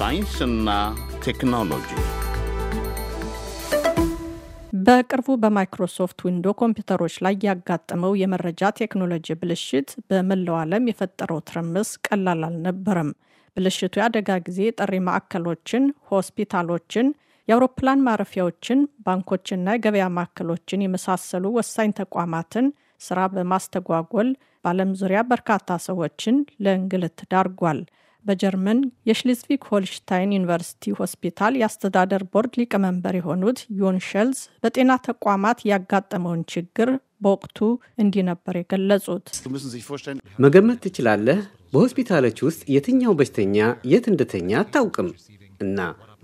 ሳይንስና ቴክኖሎጂ በቅርቡ በማይክሮሶፍት ዊንዶ ኮምፒውተሮች ላይ ያጋጠመው የመረጃ ቴክኖሎጂ ብልሽት በመላው ዓለም የፈጠረው ትርምስ ቀላል አልነበረም። ብልሽቱ የአደጋ ጊዜ ጥሪ ማዕከሎችን፣ ሆስፒታሎችን፣ የአውሮፕላን ማረፊያዎችን፣ ባንኮችና የገበያ ማዕከሎችን የመሳሰሉ ወሳኝ ተቋማትን ስራ በማስተጓጎል በዓለም ዙሪያ በርካታ ሰዎችን ለእንግልት ዳርጓል። በጀርመን የሽሊዝቪክ ሆልሽታይን ዩኒቨርሲቲ ሆስፒታል የአስተዳደር ቦርድ ሊቀመንበር የሆኑት ዮን ሸልዝ በጤና ተቋማት ያጋጠመውን ችግር በወቅቱ እንዲህ ነበር የገለጹት። መገመት ትችላለህ፣ በሆስፒታሎች ውስጥ የትኛው በሽተኛ የት እንደተኛ አታውቅም እና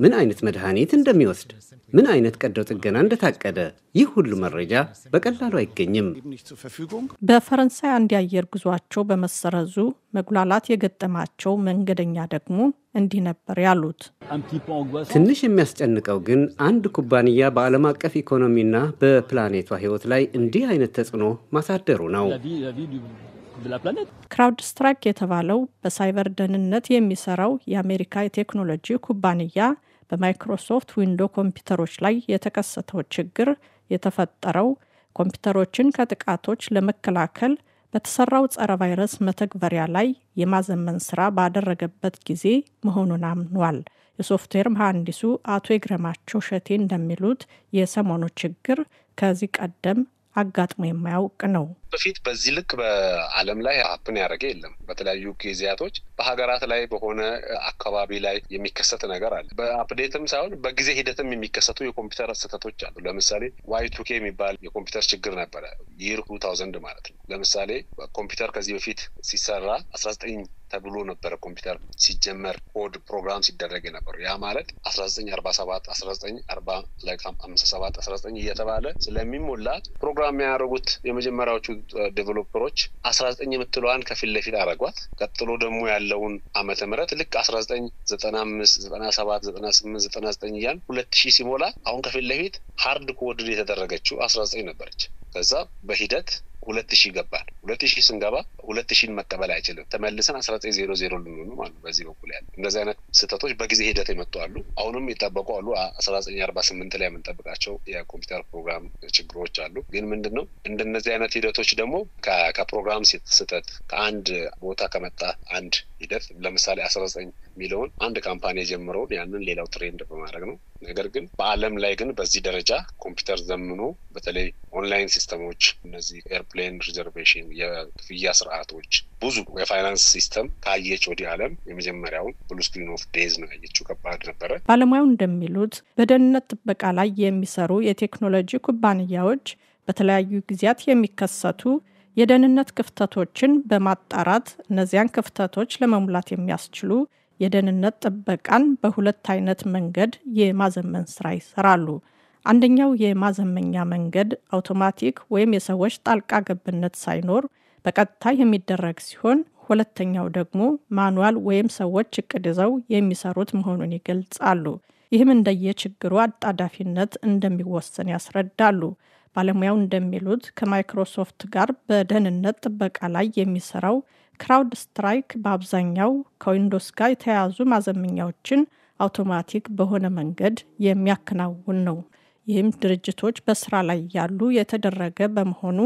ምን አይነት መድኃኒት እንደሚወስድ፣ ምን አይነት ቀዶ ጥገና እንደታቀደ፣ ይህ ሁሉ መረጃ በቀላሉ አይገኝም። በፈረንሳይ አንድ የአየር ጉዟቸው በመሰረዙ መጉላላት የገጠማቸው መንገደኛ ደግሞ እንዲህ ነበር ያሉት። ትንሽ የሚያስጨንቀው ግን አንድ ኩባንያ በዓለም አቀፍ ኢኮኖሚና በፕላኔቷ ሕይወት ላይ እንዲህ አይነት ተጽዕኖ ማሳደሩ ነው። ክራውድ ስትራይክ የተባለው በሳይበር ደህንነት የሚሰራው የአሜሪካ የቴክኖሎጂ ኩባንያ በማይክሮሶፍት ዊንዶ ኮምፒውተሮች ላይ የተከሰተው ችግር የተፈጠረው ኮምፒውተሮችን ከጥቃቶች ለመከላከል በተሰራው ጸረ ቫይረስ መተግበሪያ ላይ የማዘመን ስራ ባደረገበት ጊዜ መሆኑን አምኗል። የሶፍትዌር መሐንዲሱ አቶ የግረማቸው ሸቴ እንደሚሉት የሰሞኑ ችግር ከዚህ ቀደም አጋጥሞ የማያውቅ ነው። በፊት በዚህ ልክ በዓለም ላይ ሀፕን ያደረገ የለም። በተለያዩ ጊዜያቶች በሀገራት ላይ በሆነ አካባቢ ላይ የሚከሰት ነገር አለ። በአፕዴትም ሳይሆን በጊዜ ሂደትም የሚከሰቱ የኮምፒውተር ስህተቶች አሉ። ለምሳሌ ዋይ ቱኬ የሚባል የኮምፒውተር ችግር ነበረ። ይር ቱ ታውዘንድ ማለት ነው። ለምሳሌ ኮምፒውተር ከዚህ በፊት ሲሰራ አስራ ዘጠኝ ተብሎ ነበረ ኮምፒውተር ሲጀመር ኮድ ፕሮግራም ሲደረግ የነበረው ያ ማለት አስራ ዘጠኝ አርባ ሰባት አስራ ዘጠኝ አርባ ላይ አምሳ ሰባት አስራ ዘጠኝ እየተባለ ስለሚሞላ ፕሮግራም የሚያደርጉት የመጀመሪያዎቹ ዴቨሎፐሮች አስራ ዘጠኝ የምትለዋን ከፊት ለፊት አረጓት። ቀጥሎ ደግሞ ያለውን አመተ ምረት ልክ አስራ ዘጠኝ ዘጠና አምስት ዘጠና ሰባት ዘጠና ስምንት ዘጠና ዘጠኝ እያን ሁለት ሺህ ሲሞላ አሁን ከፊት ለፊት ሀርድ ኮድድ የተደረገችው አስራ ዘጠኝ ነበረች። ከዛ በሂደት ሁለት ሺህ ገባል። ሁለት ሺህ ስንገባ ሁለት ሺህን መቀበል አይችልም። ተመልሰን አስራ ዘጠኝ ዜሮ ዜሮ ልንሆኑ ማለት በዚህ በኩል ያለ እንደዚህ አይነት ስህተቶች በጊዜ ሂደት የመጡ አሉ። አሁንም የጠበቁ አሉ። አስራ ዘጠኝ አርባ ስምንት ላይ የምንጠብቃቸው የኮምፒውተር ፕሮግራም ችግሮች አሉ። ግን ምንድን ነው እንደነዚህ አይነት ሂደቶች ደግሞ ከፕሮግራም ስህተት ከአንድ ቦታ ከመጣ አንድ ሂደት ለምሳሌ አስራ ዘጠኝ የሚለውን አንድ ካምፓኒ የጀምረውን ያንን ሌላው ትሬንድ በማድረግ ነው ነገር ግን በአለም ላይ ግን በዚህ ደረጃ ኮምፒውተር ዘምኖ በተለይ ኦንላይን ሲስተሞች እነዚህ ኤርፕሌን ሪዘርቬሽን፣ የክፍያ ስርዓቶች ብዙ የፋይናንስ ሲስተም ካየች ወዲህ አለም የመጀመሪያውን ብሉ ስክሪን ኦፍ ዴዝ ነው ያየችው። ከባድ ነበረ። ባለሙያው እንደሚሉት በደህንነት ጥበቃ ላይ የሚሰሩ የቴክኖሎጂ ኩባንያዎች በተለያዩ ጊዜያት የሚከሰቱ የደህንነት ክፍተቶችን በማጣራት እነዚያን ክፍተቶች ለመሙላት የሚያስችሉ የደህንነት ጥበቃን በሁለት አይነት መንገድ የማዘመን ስራ ይሰራሉ። አንደኛው የማዘመኛ መንገድ አውቶማቲክ ወይም የሰዎች ጣልቃ ገብነት ሳይኖር በቀጥታ የሚደረግ ሲሆን፣ ሁለተኛው ደግሞ ማኑዋል ወይም ሰዎች እቅድ ይዘው የሚሰሩት መሆኑን ይገልጻሉ። ይህም እንደየችግሩ አጣዳፊነት እንደሚወሰን ያስረዳሉ። ባለሙያው እንደሚሉት ከማይክሮሶፍት ጋር በደህንነት ጥበቃ ላይ የሚሰራው ክራውድ ስትራይክ በአብዛኛው ከዊንዶስ ጋር የተያያዙ ማዘመኛዎችን አውቶማቲክ በሆነ መንገድ የሚያከናውን ነው። ይህም ድርጅቶች በስራ ላይ ያሉ የተደረገ በመሆኑ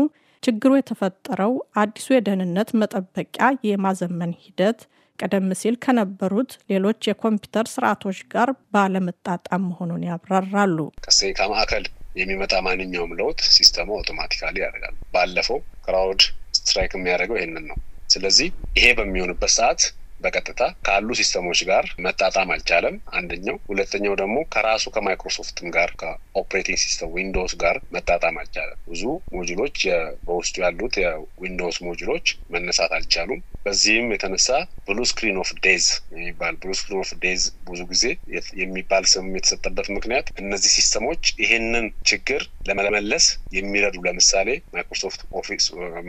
ችግሩ የተፈጠረው አዲሱ የደህንነት መጠበቂያ የማዘመን ሂደት ቀደም ሲል ከነበሩት ሌሎች የኮምፒውተር ስርዓቶች ጋር ባለመጣጣም መሆኑን ያብራራሉ። ከስተኝ ከማዕከል የሚመጣ ማንኛውም ለውጥ ሲስተሙ አውቶማቲካሊ ያደርጋል። ባለፈው ክራውድ ስትራይክ የሚያደርገው ይህንን ነው። ስለዚህ ይሄ በሚሆንበት ሰዓት በቀጥታ ካሉ ሲስተሞች ጋር መጣጣም አልቻለም። አንደኛው። ሁለተኛው ደግሞ ከራሱ ከማይክሮሶፍትም ጋር ከኦፕሬቲንግ ሲስተም ዊንዶውስ ጋር መጣጣም አልቻለም። ብዙ ሞጁሎች በውስጡ ያሉት የዊንዶውስ ሞጁሎች መነሳት አልቻሉም። በዚህም የተነሳ ብሉ ስክሪን ኦፍ ዴዝ የሚባል ብሉ ስክሪን ኦፍ ዴዝ ብዙ ጊዜ የሚባል ስም የተሰጠበት ምክንያት እነዚህ ሲስተሞች ይህንን ችግር ለመመለስ የሚረዱ ለምሳሌ ማይክሮሶፍት ኦፊስ፣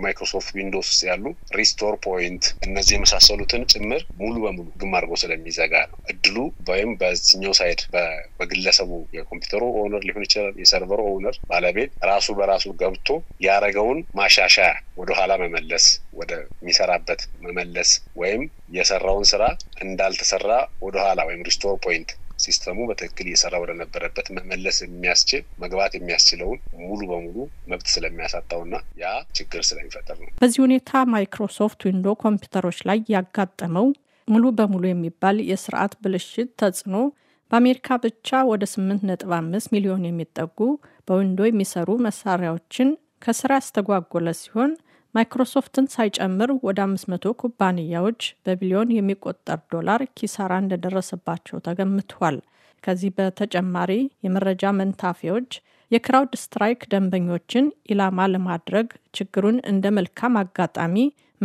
ማይክሮሶፍት ዊንዶውስ ውስጥ ያሉ ሪስቶር ፖይንት እነዚህ የመሳሰሉትን ጭምር ነገር ሙሉ በሙሉ ድም አድርጎ ስለሚዘጋ ነው። እድሉ ወይም በዚኛው ሳይድ በግለሰቡ የኮምፒውተሩ ኦነር ሊሆን ይችላል፣ የሰርቨሩ ኦነር ባለቤት ራሱ በራሱ ገብቶ ያረገውን ማሻሻያ ወደኋላ መመለስ፣ ወደሚሰራበት መመለስ ወይም የሰራውን ስራ እንዳልተሰራ ወደኋላ ወይም ሪስቶር ፖይንት ሲስተሙ በትክክል እየሰራ ወደነበረበት መመለስ የሚያስችል መግባት የሚያስችለውን ሙሉ በሙሉ መብት ስለሚያሳጣው እና ያ ችግር ስለሚፈጠር ነው። በዚህ ሁኔታ ማይክሮሶፍት ዊንዶ ኮምፒውተሮች ላይ ያጋጠመው ሙሉ በሙሉ የሚባል የስርዓት ብልሽት ተጽዕኖ በአሜሪካ ብቻ ወደ 8.5 ሚሊዮን የሚጠጉ በዊንዶ የሚሰሩ መሳሪያዎችን ከስራ ያስተጓጎለ ሲሆን ማይክሮሶፍትን ሳይጨምር ወደ 500 ኩባንያዎች በቢሊዮን የሚቆጠር ዶላር ኪሳራ እንደደረሰባቸው ተገምቷል። ከዚህ በተጨማሪ የመረጃ መንታፊዎች የክራውድ ስትራይክ ደንበኞችን ኢላማ ለማድረግ ችግሩን እንደ መልካም አጋጣሚ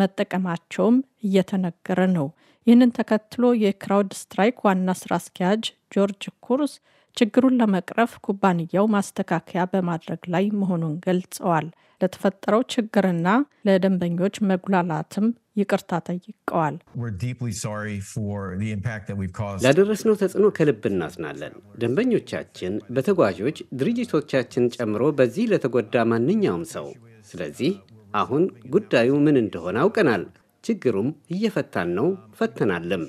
መጠቀማቸውም እየተነገረ ነው። ይህንን ተከትሎ የክራውድ ስትራይክ ዋና ስራ አስኪያጅ ጆርጅ ኩርስ ችግሩን ለመቅረፍ ኩባንያው ማስተካከያ በማድረግ ላይ መሆኑን ገልጸዋል። ለተፈጠረው ችግርና ለደንበኞች መጉላላትም ይቅርታ ጠይቀዋል። ላደረስነው ተጽዕኖ ከልብ እናዝናለን። ደንበኞቻችን፣ በተጓዦች፣ ድርጅቶቻችን ጨምሮ በዚህ ለተጎዳ ማንኛውም ሰው። ስለዚህ አሁን ጉዳዩ ምን እንደሆነ አውቀናል። ችግሩም እየፈታን ነው፣ ፈተናልም።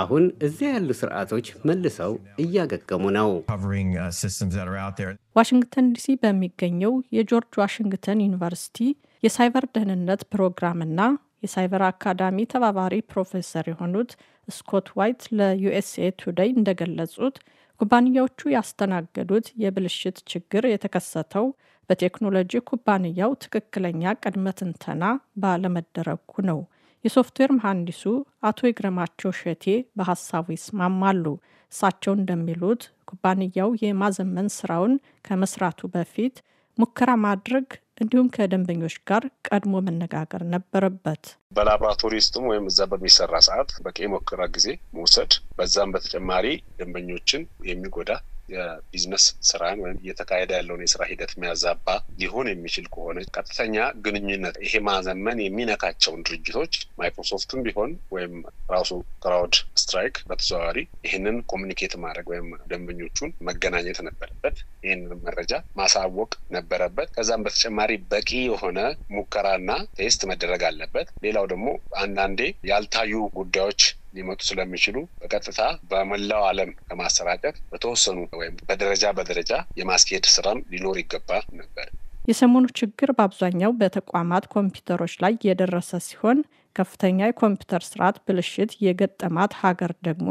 አሁን እዚያ ያሉ ስርዓቶች መልሰው እያገገሙ ነው። uh, ዋሽንግተን ዲሲ በሚገኘው የጆርጅ ዋሽንግተን ዩኒቨርሲቲ የሳይበር ደህንነት ፕሮግራምና የሳይበር አካዳሚ ተባባሪ ፕሮፌሰር የሆኑት ስኮት ዋይት ለዩኤስኤ ቱዴይ እንደገለጹት ኩባንያዎቹ ያስተናገዱት የብልሽት ችግር የተከሰተው በቴክኖሎጂ ኩባንያው ትክክለኛ ቅድመ ትንተና ባለመደረጉ ነው። የሶፍትዌር መሐንዲሱ አቶ ይግረማቸው ሸቴ በሀሳቡ ይስማማሉ። እሳቸው እንደሚሉት ኩባንያው የማዘመን ስራውን ከመስራቱ በፊት ሙከራ ማድረግ እንዲሁም ከደንበኞች ጋር ቀድሞ መነጋገር ነበረበት። በላቦራቶሪ ውስጥም ወይም እዛ በሚሰራ ሰዓት በቂ የሙከራ ጊዜ መውሰድ፣ በዛም በተጨማሪ ደንበኞችን የሚጎዳ የቢዝነስ ስራን ወይም እየተካሄደ ያለውን የስራ ሂደት የሚያዛባ ሊሆን የሚችል ከሆነ ቀጥተኛ ግንኙነት ይሄ ማዘመን የሚነካቸውን ድርጅቶች ማይክሮሶፍትም ቢሆን ወይም ራሱ ክራውድ ስትራይክ በተዘዋዋሪ ይህንን ኮሚኒኬት ማድረግ ወይም ደንበኞቹን መገናኘት ነበረበት። ይህንን መረጃ ማሳወቅ ነበረበት። ከዛም በተጨማሪ በቂ የሆነ ሙከራና ቴስት መደረግ አለበት። ሌላው ደግሞ አንዳንዴ ያልታዩ ጉዳዮች ሊመጡ ስለሚችሉ በቀጥታ በመላው ዓለም ለማሰራጨት በተወሰኑ ወይም በደረጃ በደረጃ የማስኬድ ስራም ሊኖር ይገባ ነበር። የሰሞኑ ችግር በአብዛኛው በተቋማት ኮምፒውተሮች ላይ የደረሰ ሲሆን ከፍተኛ የኮምፒውተር ስርዓት ብልሽት የገጠማት ሀገር ደግሞ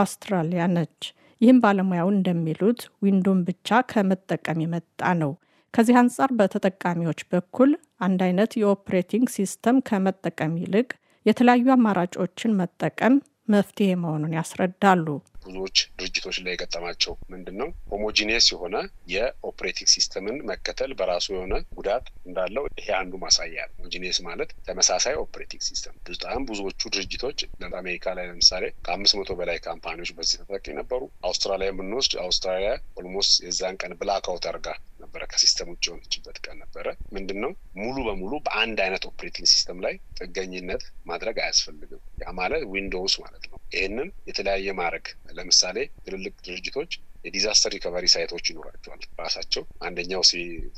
አውስትራሊያ ነች። ይህም ባለሙያው እንደሚሉት ዊንዶም ብቻ ከመጠቀም የመጣ ነው። ከዚህ አንጻር በተጠቃሚዎች በኩል አንድ አይነት የኦፕሬቲንግ ሲስተም ከመጠቀም ይልቅ የተለያዩ አማራጮችን መጠቀም መፍትሄ መሆኑን ያስረዳሉ። ብዙዎች ድርጅቶች ላይ የገጠማቸው ምንድን ነው? ሆሞጂኒየስ የሆነ የኦፕሬቲንግ ሲስተምን መከተል በራሱ የሆነ ጉዳት እንዳለው ይሄ አንዱ ማሳያ ነው። ሆሞጂኒየስ ማለት ተመሳሳይ ኦፕሬቲንግ ሲስተም። በጣም ብዙዎቹ ድርጅቶች አሜሪካ ላይ ለምሳሌ ከአምስት መቶ በላይ ካምፓኒዎች በዚህ ተጠቂ ነበሩ። አውስትራሊያ የምንወስድ አውስትራሊያ ኦልሞስት የዛን ቀን ብላክ አውት አድርጋ ነበረ። ከሲስተም ውጭ የሆነችበት ቀን ነበረ። ምንድን ነው ሙሉ በሙሉ በአንድ አይነት ኦፕሬቲንግ ሲስተም ላይ ጥገኝነት ማድረግ አያስፈልግም። ያ ማለት ዊንዶውስ ማለት ነው። ይህንን የተለያየ ማድረግ ለምሳሌ ትልልቅ ድርጅቶች የዲዛስተር ሪከቨሪ ሳይቶች ይኖራቸዋል ራሳቸው። አንደኛው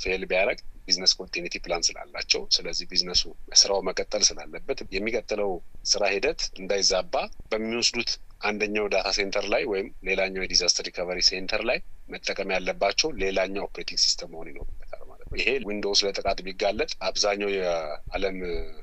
ፌል ቢያደረግ ቢዝነስ ኮንቲኒቲ ፕላን ስላላቸው፣ ስለዚህ ቢዝነሱ ስራው መቀጠል ስላለበት የሚቀጥለው ስራ ሂደት እንዳይዛባ በሚወስዱት አንደኛው ዳታ ሴንተር ላይ ወይም ሌላኛው የዲዛስተር ሪከቨሪ ሴንተር ላይ መጠቀም ያለባቸው ሌላኛው ኦፕሬቲንግ ሲስተም መሆን ይኖርበታል። ይሄ ዊንዶውስ ለጥቃት ቢጋለጥ አብዛኛው የዓለም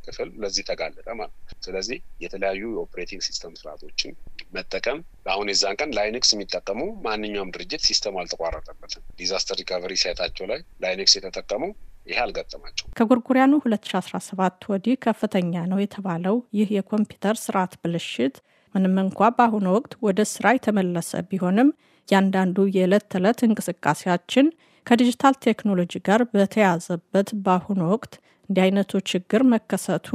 ክፍል ለዚህ ተጋለጠ ማለት ነው። ስለዚህ የተለያዩ የኦፕሬቲንግ ሲስተም ስርዓቶችን መጠቀም አሁን የዛን ቀን ላይኒክስ የሚጠቀሙ ማንኛውም ድርጅት ሲስተም አልተቋረጠበትም። ዲዛስተር ሪካቨሪ ሳይታቸው ላይ ላይኒክስ የተጠቀሙ ይህ አልገጠማቸው። ከጎርጎሪያኑ 2017 ወዲህ ከፍተኛ ነው የተባለው ይህ የኮምፒውተር ስርዓት ብልሽት ምንም እንኳ በአሁኑ ወቅት ወደ ስራ የተመለሰ ቢሆንም እያንዳንዱ የዕለት ተዕለት እንቅስቃሴያችን ከዲጂታል ቴክኖሎጂ ጋር በተያዘበት በአሁኑ ወቅት እንዲህ አይነቱ ችግር መከሰቱ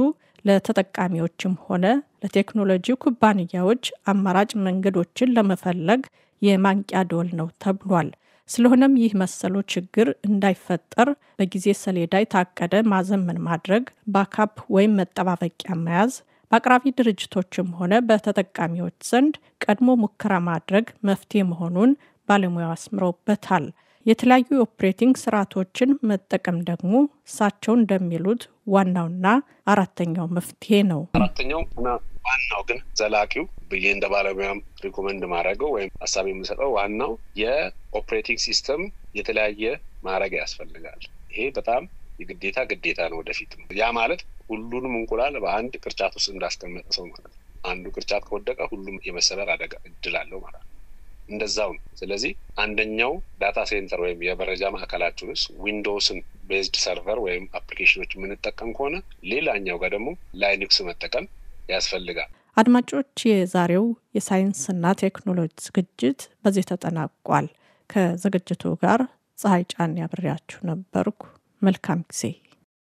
ለተጠቃሚዎችም ሆነ ለቴክኖሎጂ ኩባንያዎች አማራጭ መንገዶችን ለመፈለግ የማንቂያ ደወል ነው ተብሏል። ስለሆነም ይህ መሰሉ ችግር እንዳይፈጠር በጊዜ ሰሌዳ የታቀደ ማዘመን ማድረግ፣ ባካፕ ወይም መጠባበቂያ መያዝ፣ በአቅራቢ ድርጅቶችም ሆነ በተጠቃሚዎች ዘንድ ቀድሞ ሙከራ ማድረግ መፍትሄ መሆኑን ባለሙያው አስምረውበታል። የተለያዩ የኦፕሬቲንግ ስርዓቶችን መጠቀም ደግሞ እሳቸው እንደሚሉት ዋናውና አራተኛው መፍትሄ ነው። አራተኛው ዋናው ግን ዘላቂው ብዬ እንደ ባለሙያም ሪኮመንድ ማድረገው ወይም ሀሳብ የምሰጠው ዋናው የኦፕሬቲንግ ሲስተም የተለያየ ማድረግ ያስፈልጋል። ይሄ በጣም የግዴታ ግዴታ ነው። ወደፊትም ያ ማለት ሁሉንም እንቁላል በአንድ ቅርጫት ውስጥ እንዳስቀመጠ ሰው ማለት ነው። አንዱ ቅርጫት ከወደቀ ሁሉም የመሰበር አደጋ እድል አለው ማለት ነው። እንደዛው ነው። ስለዚህ አንደኛው ዳታ ሴንተር ወይም የመረጃ ማዕከላችን ውስጥ ዊንዶውስን ቤዝድ ሰርቨር ወይም አፕሊኬሽኖች የምንጠቀም ከሆነ ሌላኛው ጋር ደግሞ ላይኒክስ መጠቀም ያስፈልጋል። አድማጮች፣ የዛሬው የሳይንስና ቴክኖሎጂ ዝግጅት በዚህ ተጠናቋል። ከዝግጅቱ ጋር ፀሐይ ጫን ያብሬያችሁ ነበርኩ። መልካም ጊዜ።